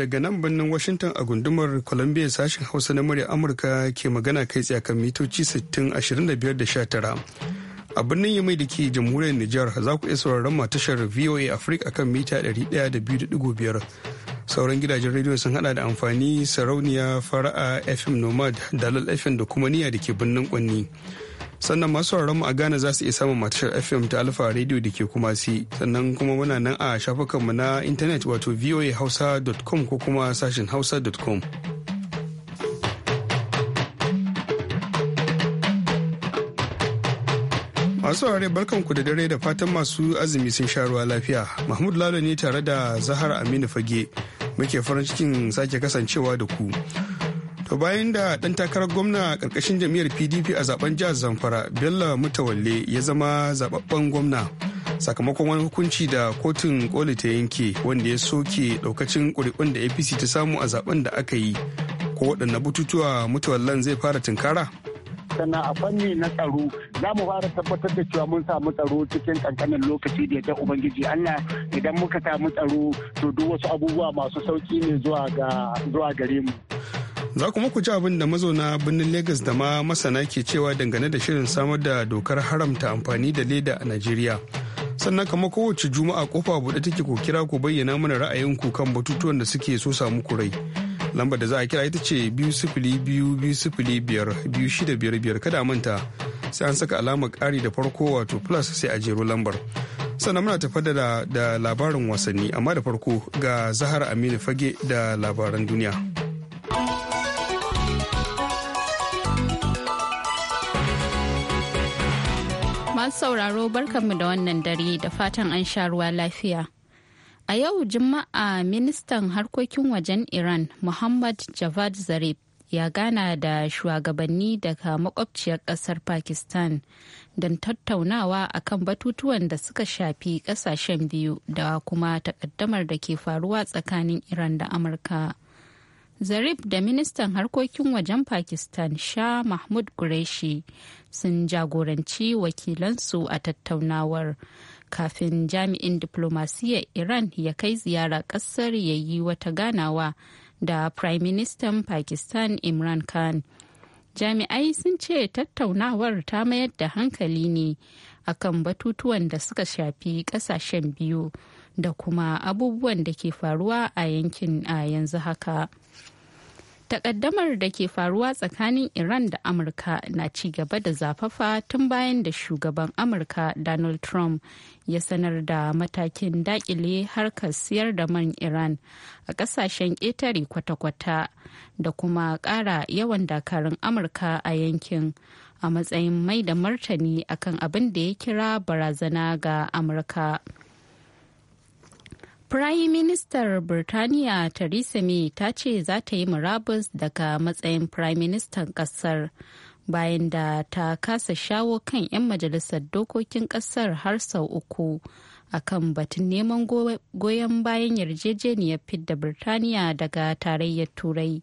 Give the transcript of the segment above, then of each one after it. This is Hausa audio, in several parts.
daga nan birnin Washington a gundumar Columbia sashen Hausa na murya Amurka ke magana kai tsaye kan mitoci 6025 A birnin Yamai da ke jamhuriyar Nijar za ku iya sauraron ma tashar VOA Africa akan mita 102.5. Sauran gidajen rediyo sun hada da amfani sarauniya fara'a FM Nomad, Dalal FM da kuma niya da ke birnin Kwanni. sannan masu mu a Ghana za su iya samun matashar FM ta Alfa Radio da ke kuma si sannan kuma muna nan a shafukanmu na intanet wato voahausa.com ko kuma sashin hausa.com. masu barkan barkanku da dare da fatan masu azumi sun sha ruwa lafiya mahmud lalo ne tare da zahar aminu fage muke farin cikin sake kasancewa da ku to bayan da dan takarar gwamna karkashin jam'iyyar pdp a zaben jihar zamfara bello mutawalle ya zama zababben gwamna sakamakon wani hukunci da kotun koli ta yanke wanda ya soke ɗaukacin ƙuri'un da apc ta samu a zaben da aka yi ko waɗanne bututuwa mutawallan zai fara tunkara sana a fanni na tsaro za mu fara tabbatar da cewa mun samu tsaro cikin kankanin lokaci da ta ubangiji allah idan muka samu tsaro to duk wasu abubuwa masu sauki ne zuwa gare mu Za kuma ku ji abin da mazauna birnin Legas da ma masana ke cewa dangane da shirin samar da dokar haramta amfani da leda a nigeria Sannan kama kowace juma'a kofa buɗe take ku kira ku bayyana mana ra'ayinku kan batutuwan da suke so samu kurai. Lambar da za a kira ita ce biyu sifili biyu biyu sifili biyar biyu shida biyar kada manta sai an saka alamar ƙari da farko wato plus sai a jero lambar. Sannan muna tafa da labarin wasanni amma da farko ga Zahara Aminu Fage da labaran duniya. sauraro barkanmu da wannan dare da fatan an sha ruwa lafiya. A yau Juma'a ministan harkokin wajen Iran Muhammad Javad Zarif ya gana da shugabanni daga makwabciyar kasar Pakistan don tattaunawa akan batutuwan da suka shafi kasashen biyu da kuma takaddamar da ke faruwa tsakanin Iran da Amurka. zarif da ministan harkokin wajen pakistan shah mahmud qureshi sun jagoranci wakilansu a tattaunawar kafin jami'in diplomasiyyar iran ya kai ziyara kasar ya yi wata ganawa da prime minister pakistan imran khan jami'ai sun ce tattaunawar ta mayar da hankali ne akan batutuwan da suka shafi kasashen biyu da kuma abubuwan da ke faruwa a yankin a yanzu haka takaddamar da ke faruwa tsakanin iran da amurka na ci gaba da zafafa tun bayan da shugaban amurka donald trump ya sanar da matakin dakile harkar siyar da man iran a kasashen ƙetare kwata-kwata da kuma ƙara yawan dakarun amurka a yankin a matsayin mai da martani akan abin da ya kira barazana ga amurka. Prime Minister Birtaniya Theresa May ta ce za ta yi murabus daga matsayin Prime Minister ƙasar bayan da ta kasa shawo kan 'yan majalisar dokokin kasar har sau uku a kan batun neman goyon bayan yarjejeniyar fidda Birtaniya daga tarayyar Turai.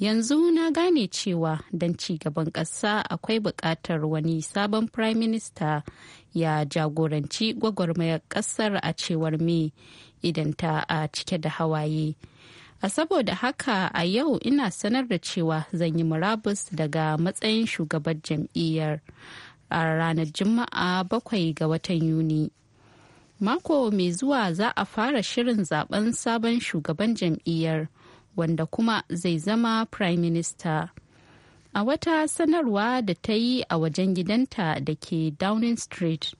yanzu na gane cewa don ci gaban ƙasa akwai buƙatar wani sabon prime minister ya jagoranci gwagwarmayar ƙasar a cewar me idan ta a cike da hawaye a saboda haka a yau ina sanar da cewa zan yi murabus daga matsayin shugaban jam'iyyar a ranar juma'a bakwai ga watan yuni mako mai zuwa za a fara shirin zaben sabon shugaban jam'iyyar. wanda kuma zai zama prime minister a wata sanarwa da ta yi a wajen gidanta da ke downing street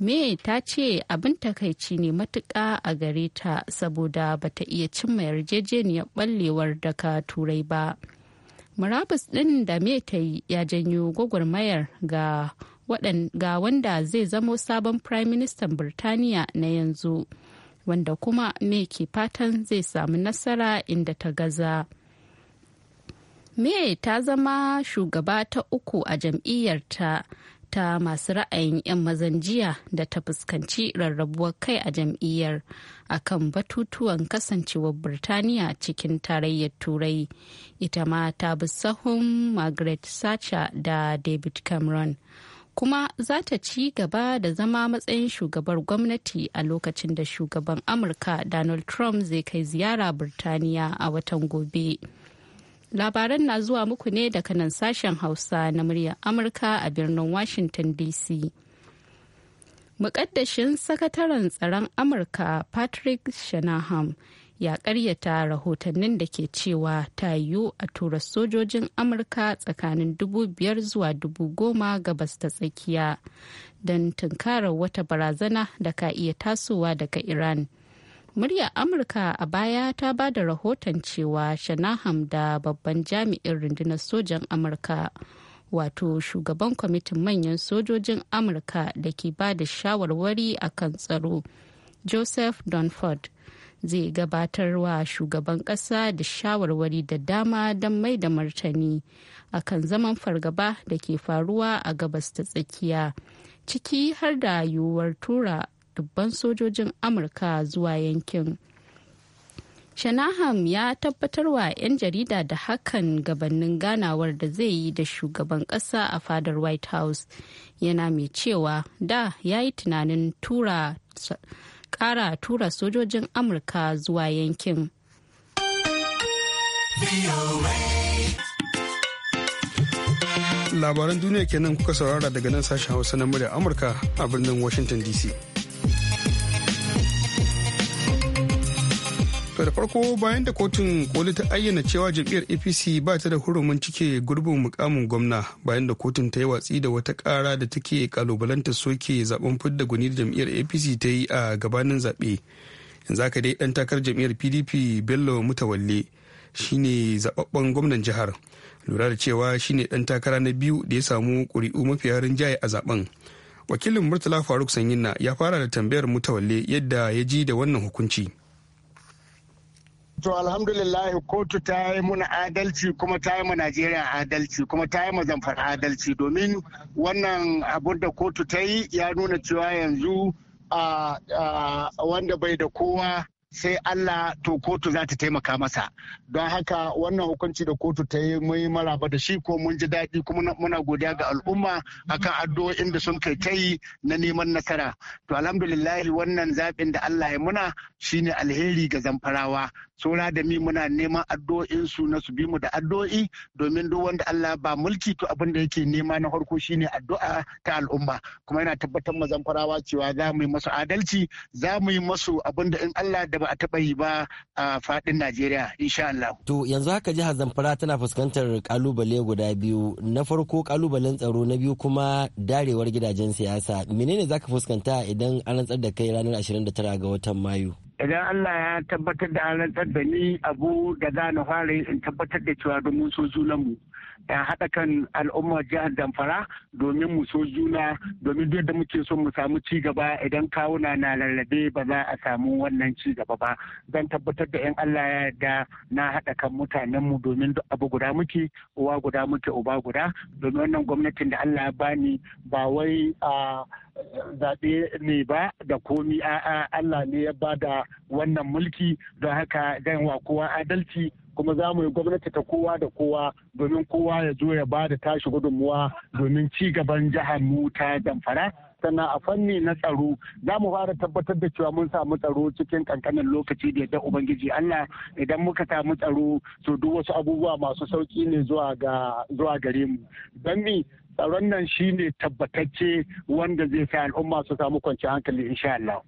may ta ce abin takaici ne matuƙa a gare ta saboda ba ta iya cimma yarjejeniyar ɓallewar daga turai ba murabus ɗin da may ta yi ya janyo gwagwarmayar ga ga wanda zai zamo sabon prime minister birtaniya na yanzu wanda kuma me ke fatan zai samu nasara inda ta gaza. May ta zama shugaba ta uku a jam'iyyarta ta masu ra'ayin 'yan mazan jiya da ta fuskanci rarrabuwar kai a jam'iyyar akan batutuwan kasancewar Birtaniya cikin tarayyar Turai. Ita ma ta bi sahun Margaret Thatcher da David Cameron. kuma za ta ci gaba da zama matsayin shugabar gwamnati a lokacin da shugaban amurka donald trump zai kai ziyara birtaniya a watan gobe labaran na zuwa muku ne daga nan sashen hausa na muryar amurka a birnin washington dc mukaddashin sakataren tsaron amurka patrick shanahan ya karyata rahotannin da ke cewa ta yiwu a tura sojojin amurka tsakanin dubu biyar zuwa dubu goma gabas ta tsakiya don tunkarar wata barazana da ka iya tasowa daga iran murya amurka a baya ta ba da rahoton cewa shanaham da babban jami'in rundunar sojan amurka wato shugaban kwamitin manyan sojojin amurka da ke ba da shawarwari akan tsaro joseph donford zai gabatar wa shugaban ƙasa da shawarwari da dama don mai da martani akan zaman fargaba da ke faruwa a gabas ta tsakiya ciki har da yiwuwar tura dubban sojojin amurka zuwa yankin shanaham ya tabbatar wa 'yan jarida da hakan gabanin ganawar da zai yi da shugaban kasa a fadar white house yana mai cewa da ya yi tunanin tura kara tura sojojin amurka zuwa yankin labaran duniya kenan kuka saurara daga nan sashen hausa na murya amurka a birnin washington dc farko bayan da kotun koli ta ayyana cewa jam'iyyar apc ba ta da hurumin cike gurbin mukamin gwamna bayan da kotun ta yi watsi da wata kara da take kalubalanta soke zaben fidda gwani da jam'iyyar apc ta yi a gabanin zaɓe yanzu aka dai ɗan takar jam'iyyar pdp bello mutawalle shine zababben gwamnan jihar lura da cewa shine ɗan takara na biyu da ya samu ƙuri'u mafi harin rinjaye a zaben wakilin murtala faruk sanyinna ya fara da tambayar mutawalle yadda ya ji da wannan hukunci To alhamdulillah kotu ta yi muna adalci kuma ta yi ma Najeriya adalci kuma ta yi ma zamfar adalci domin wannan abin da kotu ta yi ya nuna cewa yanzu wanda bai da kowa sai Allah to kotu za ta taimaka masa don haka wannan hukunci da kotu ta yi mai maraba da shi ko mun ji daɗi kuma muna godiya ga al'umma akan addu'o'in da sun kai ta yi na neman nasara to alhamdulillah wannan zaɓin da Allah ya muna shine alheri ga zamfarawa saura da mi muna neman addu'o'in su na su bi mu da addu'o'i domin duk wanda Allah ba mulki to abin da yake nema na farko shine addu'a ta al'umma kuma yana tabbatar ma zamfarawa cewa za mu yi masu adalci za mu yi masu abin da in Allah da ba a taɓa yi ba a faɗin Najeriya insha Allah. To yanzu haka jihar Zamfara tana fuskantar kalubale guda biyu na farko kalubalen tsaro na biyu kuma darewar gidajen siyasa menene zaka fuskanta idan an rantsar da kai ranar 29 ga watan Mayu? idan Allah ya tabbatar da an rantsar da ni abu da za na fara in tabbatar da cewa domin so mu. haɗa kan al'umma jihar Damfara domin mu so juna domin duk da muke so mu samu ci gaba idan kawuna na lallabe ba za a samu wannan ci gaba ba zan tabbatar da yan Allah ya yarda na haɗa kan mutanen domin duk abu guda muke uwa guda muke uba guda domin wannan gwamnatin da Allah ya bani ba wai a zaɓe ne ba da komi a'a Allah ne ya bada wannan mulki don haka zan wa kowa adalci kuma za mu yi gwamnati ta kowa da kowa domin kowa ya zo ya ba da tashi gudunmuwa domin ci gaban jihar mu ta damfara sannan a fanni na tsaro za mu fara tabbatar da cewa mun samu tsaro cikin kankanin lokaci da yadda ubangiji allah idan muka samu tsaro to duk wasu abubuwa masu sauki ne zuwa gare mu don tsaron nan shine tabbatacce wanda zai sa al'umma su samu kwanciyar hankali insha allah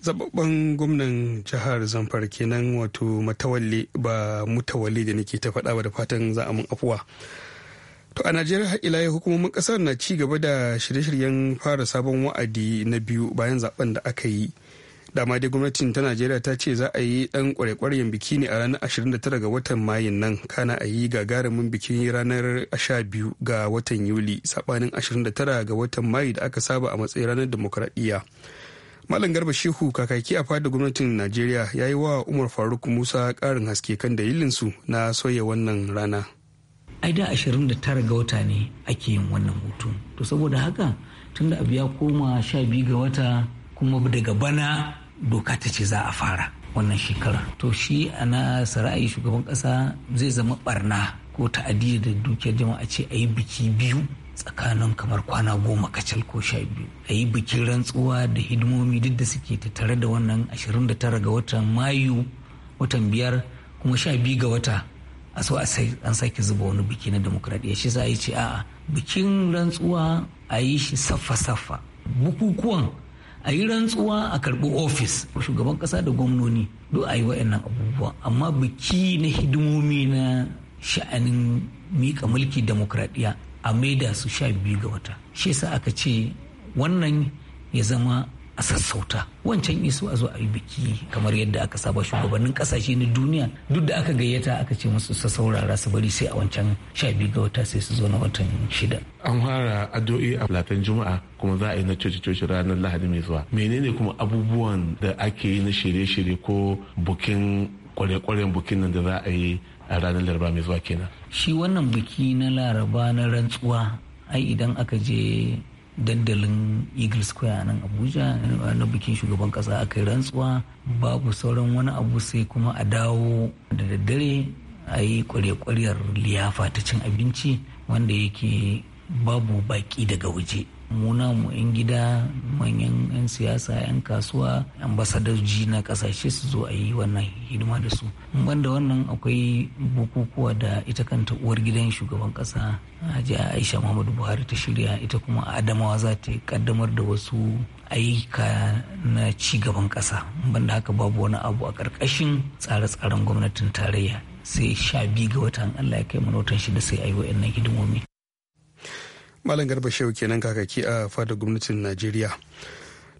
zababben gwamnan jihar zamfara kenan wato matawalle ba mutawalle da nake ta faɗa ba da fatan za a mun afuwa to a najeriya har ila hukumomin ƙasar na ci gaba da shirye-shiryen fara sabon wa'adi na biyu bayan zaben da aka yi dama dai gwamnatin ta najeriya ta ce za a yi dan kwarekwaryen biki ne a ranar 29 ga watan mayun nan kana a yi gagarumin bikin ranar 12 ga watan yuli sabanin 29 ga watan mayu da aka saba a matsayin ranar demokuraɗiyya Malam Garba Shehu kakaki a fadar gwamnatin Najeriya ya yi wa Umar Faruk Musa ƙarin haske kan dalilinsu na sauya wannan rana. Ai da 29 ga wata ne ake yin wannan hutu. To saboda haka tunda abu ya koma 12 ga wata kuma daga bana doka ta ce za a fara wannan shekara To shi ana sara'ayi shugaban ƙasa zai zama barna ko ta'adiyya da dukiyar jama'a ce a yi biki biyu tsakanin kamar kwana goma kacal ko sha biyu a yi bikin rantsuwa da hidimomi duk da suke ta tare da wannan 29 ga watan mayu watan biyar kuma sha biyu ga wata a so an sake zuba wani biki na demokradiyya shi za a yi ce a bikin rantsuwa a yi shi saffa-saffa bukukuwan a yi rantsuwa a karbi ofis shugaban ƙasa da gwamnoni duk a yi wa'annan abubuwa amma biki na hidimomi na sha'anin mika mulki demokradiyya a maida su sha biyu ga wata shi sa aka ce wannan ya zama a sassauta wancan iso a zo a yi biki kamar yadda aka saba shugabannin kasashe na duniya duk da aka gayyata aka ce musu sassaurara su bari sai a wancan sha biyu ga wata sai su zo na watan shida an fara addu'o'i a latan juma'a kuma za a yi na coci-coci ranar lahadi mai zuwa menene kuma abubuwan da ake yi na shirye-shirye ko bukin kware-kwaren bukin nan da za a yi a ranar laraba mai zuwa kenan shi wannan biki na laraba na rantsuwa ai idan aka je dandalin eagle square nan abuja na bikin shugaban kasa aka yi rantsuwa babu sauran wani abu sai kuma a dawo da daddare a yi kware-kwaryar liyafa ta cin abinci wanda yake babu baki daga waje muna mu 'yan gida manyan 'yan siyasa 'yan kasuwa ambasadoji na kasashe su zo a yi wannan hidima da su banda wannan akwai bukukuwa da ita kanta uwar gidan shugaban kasa hajiya aisha muhammadu buhari ta shirya ita kuma adamawa za ta kaddamar da wasu ayyuka na ci gaban kasa banda haka babu wani abu a ƙarƙashin tsare-tsaren gwamnatin tarayya sai sha biyu ga watan allah ya kai mana watan shida sai a yi wa'annan hidimomi malam garba shehu kenan kakaki a fadar gwamnatin najeriya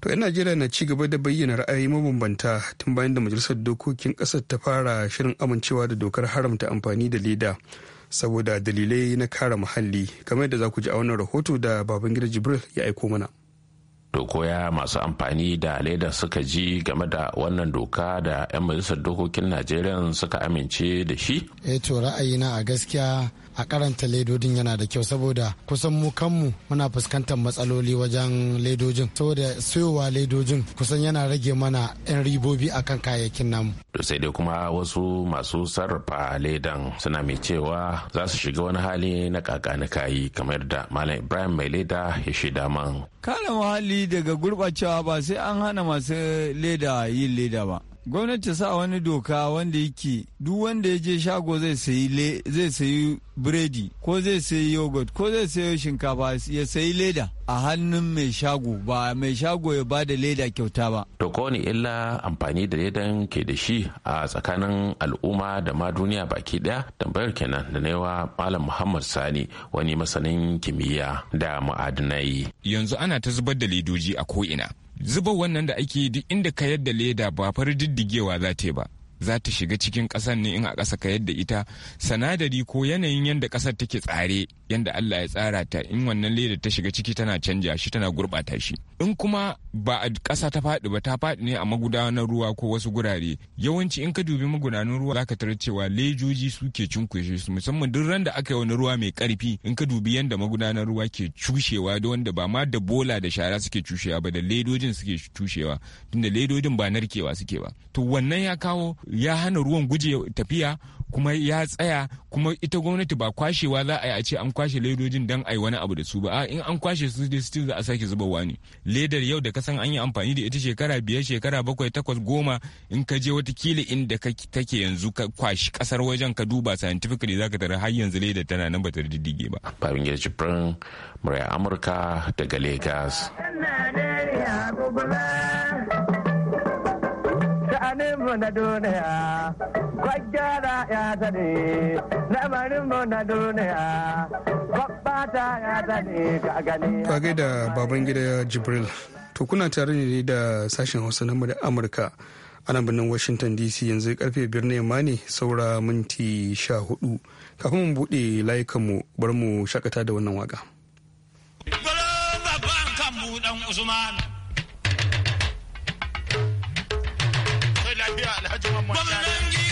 to 'yan najeriya na ci gaba da bayyana ra'ayi mabambanta tun bayan da majalisar dokokin kasar ta fara shirin amincewa da dokar haramta amfani da leda saboda dalilai na kare muhalli kamar yadda za ku ji a wannan rahoto da babangida jibril ya aiko mana dokoya masu amfani da leda suka ji game da wannan doka da 'yan majalisar dokokin najeriya suka amince da shi eh to ra'ayina a gaskiya a karanta ledodin yana da kyau saboda kusan mu kanmu muna fuskantar matsaloli wajen ledojin saboda sayowa ledojin kusan yana rage mana 'yan ribobi a kan kayayyakin namu to sai dai kuma wasu masu sarrafa ledan suna mai cewa za su shiga wani hali na kaka na kayi kamar da malam ibrahim mai leda ya shaida man kare muhalli daga gurɓacewa ba sai an hana masu leda yin leda ba gwamnati sa wani doka wanda yake duk wanda ya je shago zai sayi le zai sayi biredi ko zai sayi yogurt ko zai sayi shinkafa ya sayi leda a hannun mai shago ba mai shago ya bada leda kyauta ba to ko ne illa amfani da ledan ke da shi a tsakanin al'umma da ma duniya baki daya tambayar kenan da naiwa malam muhammad sani wani masanin kimiyya da ma'adinai yanzu ana ta zubar da ledoji a ko'ina zuba wannan da ake duk inda ka yadda leda ba fari diddigewa za ta ba za ta shiga cikin ƙasar ne in a ƙasa ka yadda ita sanadari ko yanayin yadda ƙasar take tsare yadda Allah ya tsara ta in wannan leda ta shiga ciki tana canja shi tana gurɓata shi in kuma ba a ƙasa ta faɗi ba ta faɗi ne a magudanar ruwa ko wasu gurare yawanci in ka dubi magudanan ruwa zaka tarar cewa lejoji suke cunkushe su musamman duk ran da aka yi wani ruwa mai ƙarfi in ka dubi yadda magudanar ruwa ke cushewa da wanda ba ma da bola da shara suke cushewa ba da ledojin suke cushewa tunda ledojin ba narkewa suke ba to wannan ya kawo ya hana ruwan guje tafiya kuma ya tsaya kuma ita gwamnati ba kwashewa za a yi a ce an kwashe ledojin don a yi wani abu da su ba in an kwashe su da su za a sake zuba wani ledar yau da kasan an yi amfani da ita shekara biyar shekara bakwai takwas goma in ka je wata watakila inda take yanzu ka kwashi kasar wajen ka duba scientifically za ka tara har yanzu ledar tana nan ba ta diddige ba. Babin Girgifin Murya Amurka daga Lagos. sha'aninmu na duniya kwaggara ya zane lamarinmu na duniya babbata ya zane ga gani ba gaida baban gida jibril to kuna tare ne da sashen hausa na da amurka ana birnin washington dc yanzu karfe biyar na yamma ne saura minti sha hudu kafin mu buɗe layukanmu bar mu shakata da wannan waka. Gwalo babban kan buɗan Usman. tafiya alhaji Muhammad Gwamnan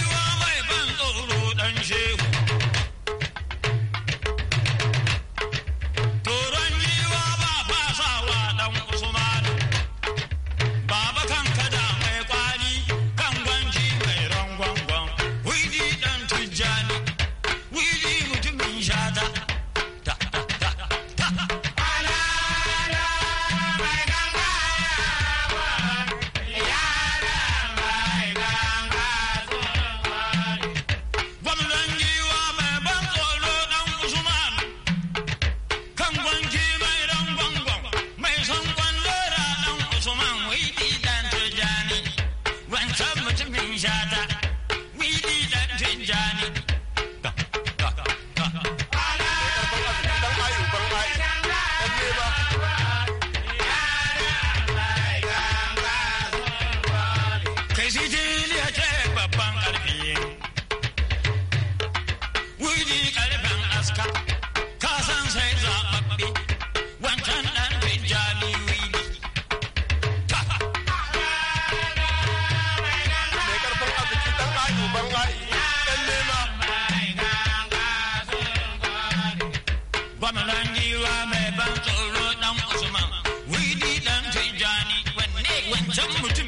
gwamnan giwa mai ban tsoro dan usman widi dan tijani wanne wancan mutum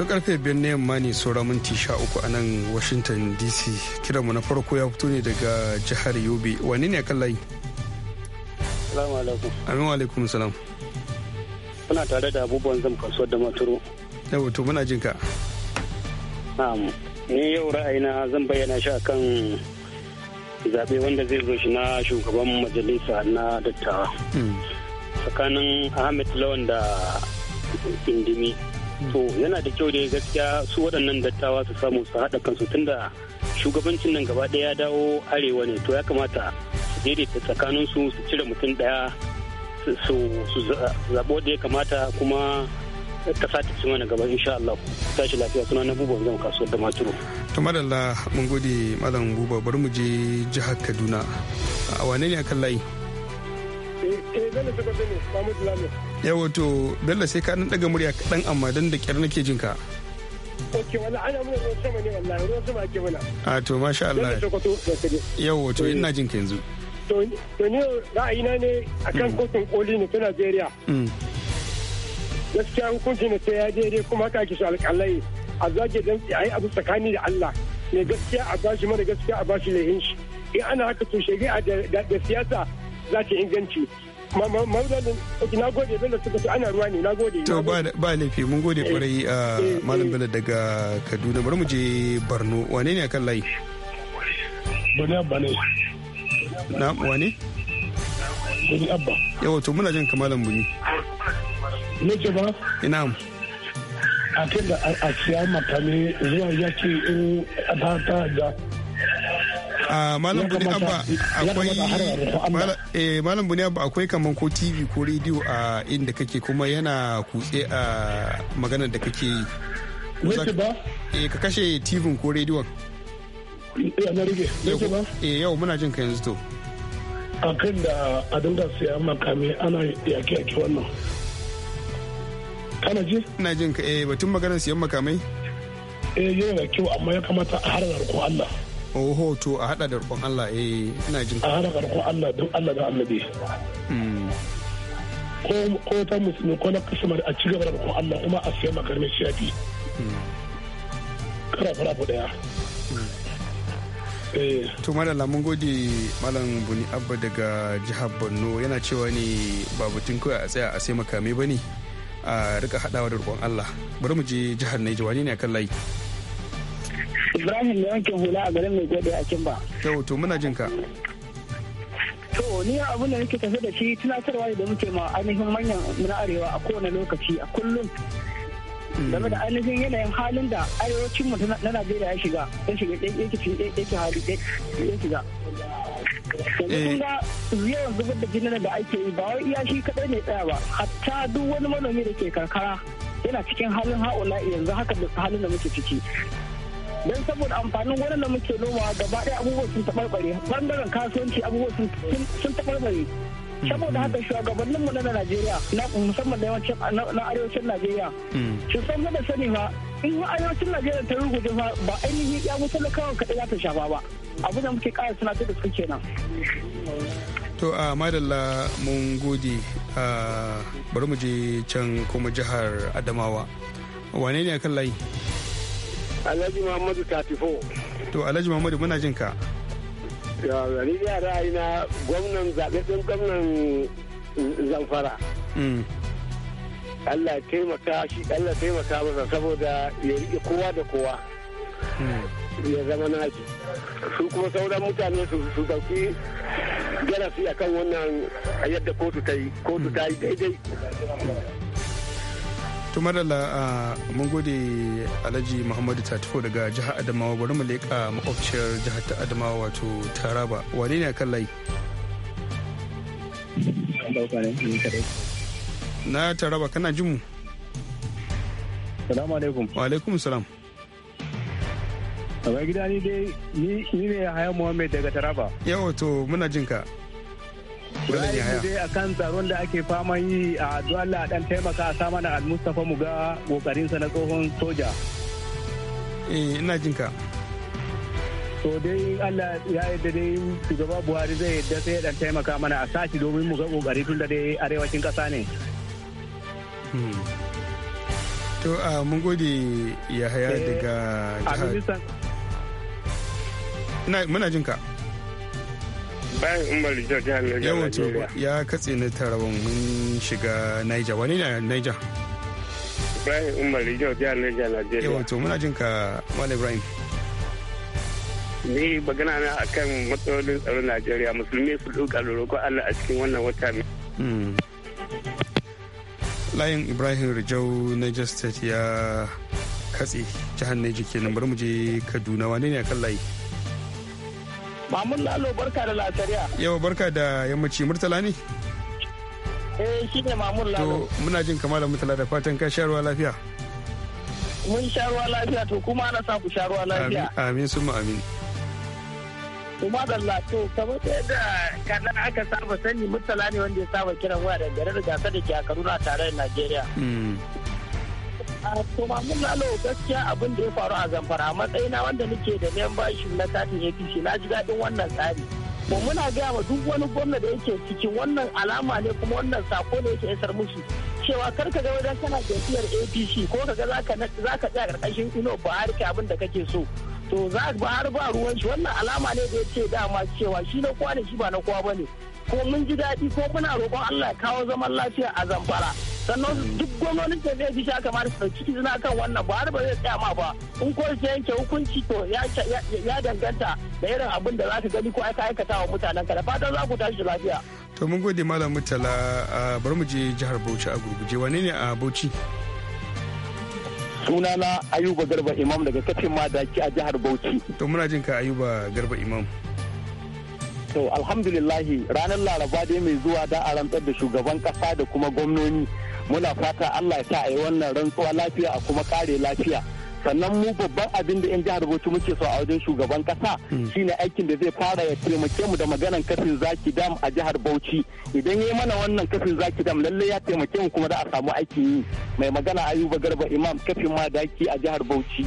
ta karfe biyar na yamma ne saura minti sha uku a nan washington dc kiranmu na farko ya fito ne daga jihar yobe wani ne kan layi salamu alaikum amin wa alaikum salam muna tare da abubuwan zan kasuwar da maturu yau to muna jin ka ni yau ra'ayina zan bayyana shi akan zaɓe wanda zai zo shi na shugaban majalisa na dattawa hmm. tsakanin ahmed lawan da indimi to yana da kyau da gaskiya su waɗannan dattawa su samu su haɗa kansu tunda shugabancin nan gaba ɗaya ya dawo arewa ne to ya kamata su daidaita tsakanin su su cire mutum ɗaya su zaɓo da ya kamata kuma kasa ta ci mana gaba insha Allah tashi lafiya suna na buba zan kasuwar da maturu. to madalla mun gode malam buba bari mu je jihar kaduna a wane ne akan layi. eh bello ne to bello sai ka daga murya kaɗan amma don da kyar nake jinka. ka ok wala ana muna ruwan sama ne wallahi ruwan sama ake muna a to masha Allah yawo to eh. ina jinka yanzu to ne ra'ayina ne akan mm. kotun koli ne ta Najeriya mm. gaskiya hukunci ne ta ya daidai kuma haka ake shi alƙalai a zage don a yi abu tsakani da Allah ne gaskiya a bashi mara gaskiya a bashi lehin shi in ana haka to shari'a da siyasa za ta inganci maudalin eh, na gode bello suka ce ana ruwa ne na gode to ba laifi mun gode eh, kwarai ah, eh, malam bello daga kaduna bari mu je borno wane ne akan layi bani abba ne na wane bani abba yawa to muna jan kamalan buni ne ce ba ina mu a kan da a siya mata ne zuwa yaki in ta da malam buni abba akwai eh, malam buni abba akwai kaman ko tv ko rediyo a inda kake kuma yana kutse a maganar da kake yi eh ka kashe tv ko rediyon eh, eh yau muna jin ka yanzu to kan da a dinga siya makami ana yake yake wannan kana ji ina jin ka eh batun maganar siyan makamai eh yana da kyau amma ya kamata a harar ko Allah oho to a hada da roƙon Allah eh ina jin a hada da roƙon Allah don Allah da annabi hmm. ko ko ta musulmi ko na kasama a ci gaba da roƙon Allah kuma a siya makarmi shafi hmm. kara fara ko daya eh. to malala mun gode malam buni abba daga jihar borno yana cewa ne ba batun kawai a tsaya a sai makame ba ne a rika hadawa da roƙon Allah bari mu je jihar Niger wani ne akan layi Ibrahim mai yankin hula a garin mai gode a Kimba. Yau to muna jin ka. To ni abin da nake tafi da shi tunatarwa da muke ma ainihin manyan na arewa a kowane lokaci a kullum. game da ainihin yanayin halin da arewacin mu na Najeriya ya shiga ya shiga yake yake hali ya shiga. Yanzu ga yawan da jinin da ake yi ba wai iya shi kadai ne tsaya ba hatta duk wani manomi da ke karkara yana cikin halin ha'ula yanzu haka da halin da muke ciki. don saboda amfanin gonar da muke noma gaba ɗaya abubuwa sun taɓarɓare ɓangaren kasuwanci abubuwa sun taɓarɓare saboda haka shugabannin mu na Najeriya na musamman da yawancin na arewacin Najeriya hmm. su san da sani ba in arewacin Najeriya ta ruguje fa ba ainihin ya mutu kawai kaɗai za ta shafa ba abin da muke ƙara suna da su kenan. To a madalla mun gode bari mu je can kuma jihar Adamawa. Wane ne a kan layi? Alhaji Muhammadu 34. To Alhaji Muhammadu muna jin ka. Ni da ra'ayi na gwamnan zaɓaɓɓen gwamnan zamfara. Mm. Allah ya taimaka shi Allah taimaka masa saboda ya riƙe kowa da kowa. Mm. ya zama naji su kuma sauran mutane su ɗauki darasi akan wannan yadda kotu ta yi kotu ta yi daidai mm. to madalla mun gode alhaji muhammadu tatifo daga jihar adamawa bari mu leƙa makwabciyar jihar ta adamawa wato taraba wane ne kan layi na taraba kana jin mu salamu alaikum wa alaikum salam a gida ni dai ni ne haya Muhammad daga taraba yawa to muna jinka ka Malam tsaron da ake fama yi a dan taimaka a al mu ga na tsohon soja. Eh, ina jin ka. To dai Allah ya yarda dai shugaba Buhari zai yarda sai dan taimaka mana a sashi domin mu ga kokari tun da dai arewacin kasa ne. Hmm. mun gode ya haya eh, daga jihar. muna jin ka. bayan umar jihar niger yawan ya katse na tarawan mun shiga niger wani na niger ibrahim umar jihar jihar niger nigeria yawan to muna jin ka wani ibrahim ni magana na akan matsalolin tsaron najeriya musulmi su duka ko allah a cikin wannan wata hmm. layin ibrahim rijau niger state ya katse jihar niger kenan bari mu je kaduna wane ne akan layi Mamun Lalo barka da lasariya. Yau barka da yammaci Murtala ne? Eh shi ne Mamun Lalo. To muna jin kama da Murtala da fatan ka sha ruwa lafiya. Mun sha ruwa lafiya to kuma ana sa ku sha ruwa lafiya. Amin sun mu amin. Kuma da lato kamar yadda kanan aka saba sani Murtala ne wanda ya saba kiran waya da garin gasa da ke a Kaduna tare da Najeriya. Hmm. to mun lalo gaskiya abin da ya faru a zamfara matsayina wanda nake da neman bashi na katin apc na ji daɗin wannan tsari ko muna gaya ma duk wani gwamna da yake cikin wannan alama ne kuma wannan sako ne yake isar musu cewa kar ka ga wajen kana jam'iyyar apc ko ka ga za ka tsaya karkashin ino buhari ka abin da kake so to za ba har ba ruwan shi wannan alama ne da ya dama cewa shi na kowa ne shi ba na kowa ba ne ko mun ji daɗi ko muna roƙon allah ya kawo zaman lafiya a zamfara sannan duk gwamnonin da zai bisa kamar su ciki zina kan wannan ba har ba zai tsaya ma ba in ko sai yanke hukunci to ya danganta da irin abin da za ka gani ko aka aikata wa mutanen ka da fatan za ku tashi lafiya. to mun gode malam mutala a bar mu je jihar bauchi a gurguje wane ne a bauchi. sunana ayuba garba imam daga kafin madaki a jihar bauchi to muna jin ka ayuba garba imam to alhamdulillahi ranar laraba dai mai zuwa da a rantsar da shugaban kasa da kuma gwamnoni muna fata allah ya sa a yi wannan rantsuwa lafiya a kuma kare lafiya sannan mu babban abin da yan jihar bauchi muke so a wajen shugaban kasa hmm. shine aikin da zai fara ya taimake mu da maganan kafin zaki dam a jihar bauchi idan ya mana wannan kafin zaki dam lalle ya taimake mu kuma za a samu aikin yi mai magana ayuba garba imam kafin madaki a jihar bauchi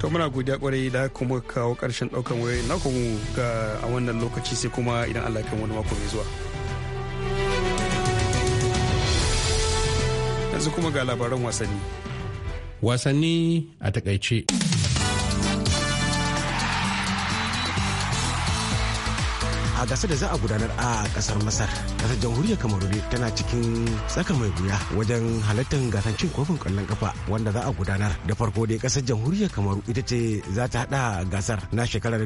to muna godiya kwarai da kuma kawo karshen daukan wayoyin naku ga a wannan lokaci sai kuma idan allah ya kai wani mako mai zuwa yanzu kuma ga labaran wasanni wasanni a takaice a gasar da za a gudanar a kasar masar kasar jamhuriyar kamaru tana cikin tsaka mai wuya wajen halartar gasar cin kofin kwallon kafa wanda za a gudanar da farko dai kasar jamhuriyar kamaru ita ce za ta hada gasar na shekarar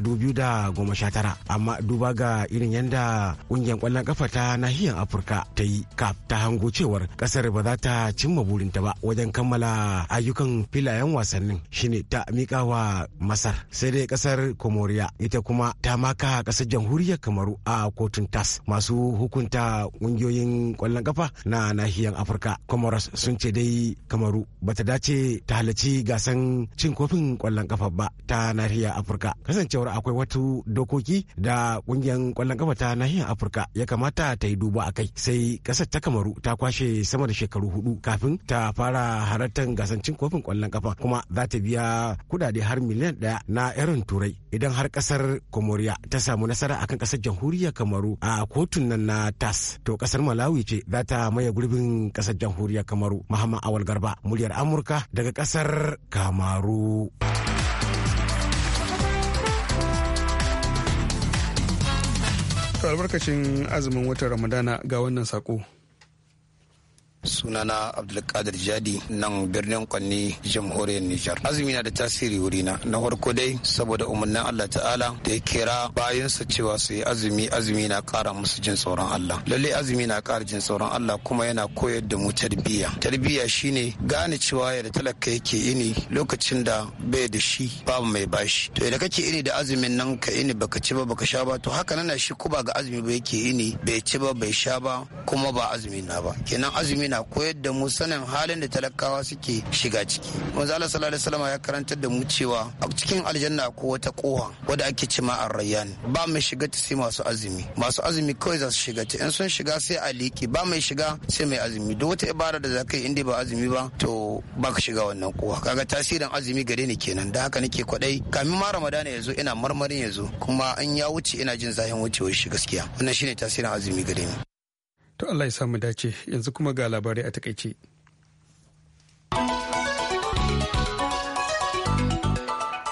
tara amma duba ga irin yadda kungiyar kwallon kafa ta nahiyar afirka ta yi kaf ta hango cewar kasar ba za ta cimma burinta ba wajen kammala ayyukan filayen wasannin shine ta mika wa masar sai dai kasar komoriya ita kuma ta maka kasar jamhuriyar kamaru faru a kotun tas masu hukunta ƙungiyoyin ƙwallon ƙafa na nahiyar afirka comoros sun ce dai kamaru bata dace ta halarci gasan cin kofin ƙwallon kafa ba ta nahiyar afirka kasancewar akwai wata dokoki da ƙungiyar ƙwallon ƙafa ta nahiyar afirka ya kamata ta yi duba a kai sai ƙasar ta kamaru ta kwashe sama da shekaru hudu kafin ta fara halartar gasan cin kofin ƙwallon ƙafa kuma za ta biya kudade har miliyan ɗaya na irin turai idan har ƙasar komoriya ta samu nasara akan ƙasar jamhuriyar kamaru a kotun nan na tas to kasar malawi ce za ta maye gurbin kasar jamhuriyar kamaru muhammad awal garba muryar amurka daga kasar kamaru albarkacin azumin watan ramadana ga wannan sako sunana abdulkadir jadi nan birnin kwanni jamhuriyar nijar azumi na da tasiri wurina na farko dai saboda umarnin allah ta'ala da ya kira bayansa cewa su yi azumi azumi na kara musu jin tsoron allah lalle azumi na kara jin sauran allah kuma yana koyar da mu tarbiyya tarbiyya shine gane cewa yadda talaka yake ini lokacin da bai da shi babu mai bashi to idan kake ini da azumin nan ka ini baka ci ba baka sha ba to haka nana shi kuba ga azumi ba yake ini bai ci ba bai sha ba kuma ba azumi na ba kenan azumi na na koyar da mu sanin halin da talakawa suke shiga ciki manzo Allah sallallahu alaihi ya karantar da mu cewa a cikin aljanna ko wata kowa wadda ake cima rayyan ba mai shiga ta sai masu azumi masu azumi kawai za su shiga ta in sun shiga sai a liki ba mai shiga sai mai azumi duk wata ibada da zaka yi inda ba azumi ba to ba ka shiga wannan kowa kaga tasirin azumi gare ni kenan da haka nake kwadai kamin ma ramadana ya zo ina marmarin ya zo kuma in ya wuce ina jin zahin wucewar shi gaskiya wannan shine tasirin azumi gare ni To Allah ya samu dace yanzu kuma ga labarai a takaice.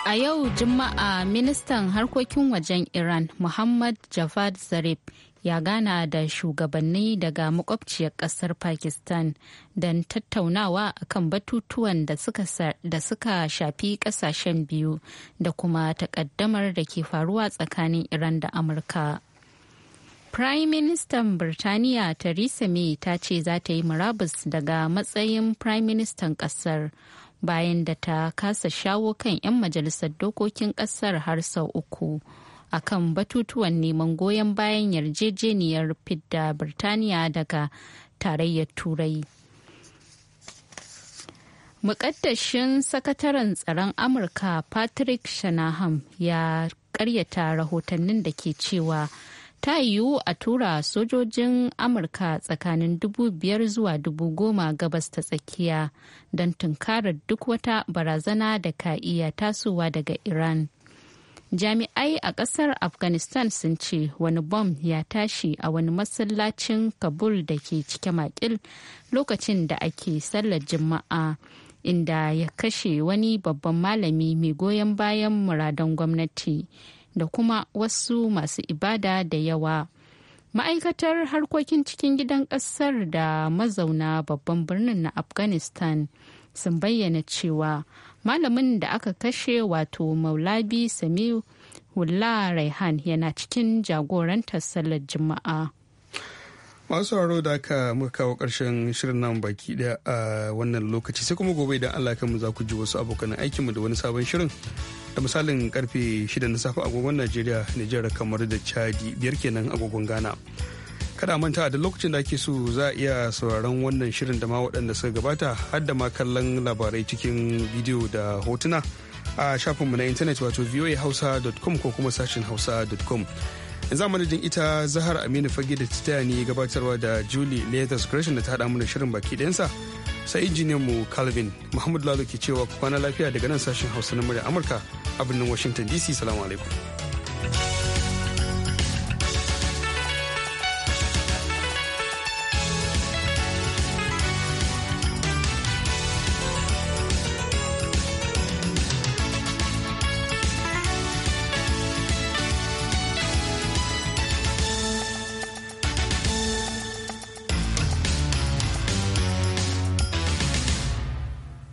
A yau Juma'a ministan harkokin wajen Iran Muhammad Javad Zarif ya gana da shugabanni daga makwabciyar ƙasar Pakistan don tattaunawa a kan batutuwan da suka shafi ƙasashen biyu da kuma takaddamar da ke faruwa tsakanin Iran da Amurka. Prime Ministan Birtaniya Theresa May ta ce za ta yi murabus daga matsayin Prime Ministan kasar bayan da ta kasa shawo kan 'yan majalisar dokokin kasar har sau uku a kan batutuwan neman goyon bayan yarjejeniyar fidda Birtaniya daga tarayyar Turai. Mukaddashin sakataren tsaron Amurka Patrick Shanahan ya karyata rahotannin da ke cewa ta yiwu a tura sojojin amurka tsakanin dubu biyar zuwa dubu goma gabas ta tsakiya don tunkarar duk wata barazana da ka iya tasowa daga iran jami'ai a kasar afghanistan sun ce wani bom ya tashi a wani masallacin kabul da ke cike makil lokacin da ake sallar juma'a inda ya kashe wani babban malami mai goyon bayan muradan gwamnati da kuma wasu masu ibada da yawa. Ma'aikatar harkokin cikin gidan ƙasar da mazauna babban birnin na Afghanistan sun bayyana cewa malamin da aka kashe wato Maulabi sami Hula Raihan yana cikin jagorantar sallar Juma'a. masu haro da aka muka kawo karshen shirin nan baki daya a wannan lokaci sai kuma gobe idan Allah mu za ku ji wasu abokan aikinmu da wani sabon shirin da misalin karfe 6 na safe agogon Najeriya Nijar kamar da Chadi biyar kenan agogon Ghana kada manta da lokacin da ake so za a iya sauraron wannan shirin da ma waɗanda suka gabata har da ma kallon labarai cikin bidiyo da hotuna a shafinmu na intanet wato voahausa.com ko kuma sashin hausa.com yanzu madadin ita zahar aminu fage da titaya ne gabatarwa da julie leathers creation da ta haɗa mana shirin baki ɗayansa sai injiniyan mu calvin muhammadu lalo ke cewa kwana lafiya daga nan sashen hausa na murya amurka a birnin washington dc salamu alaikum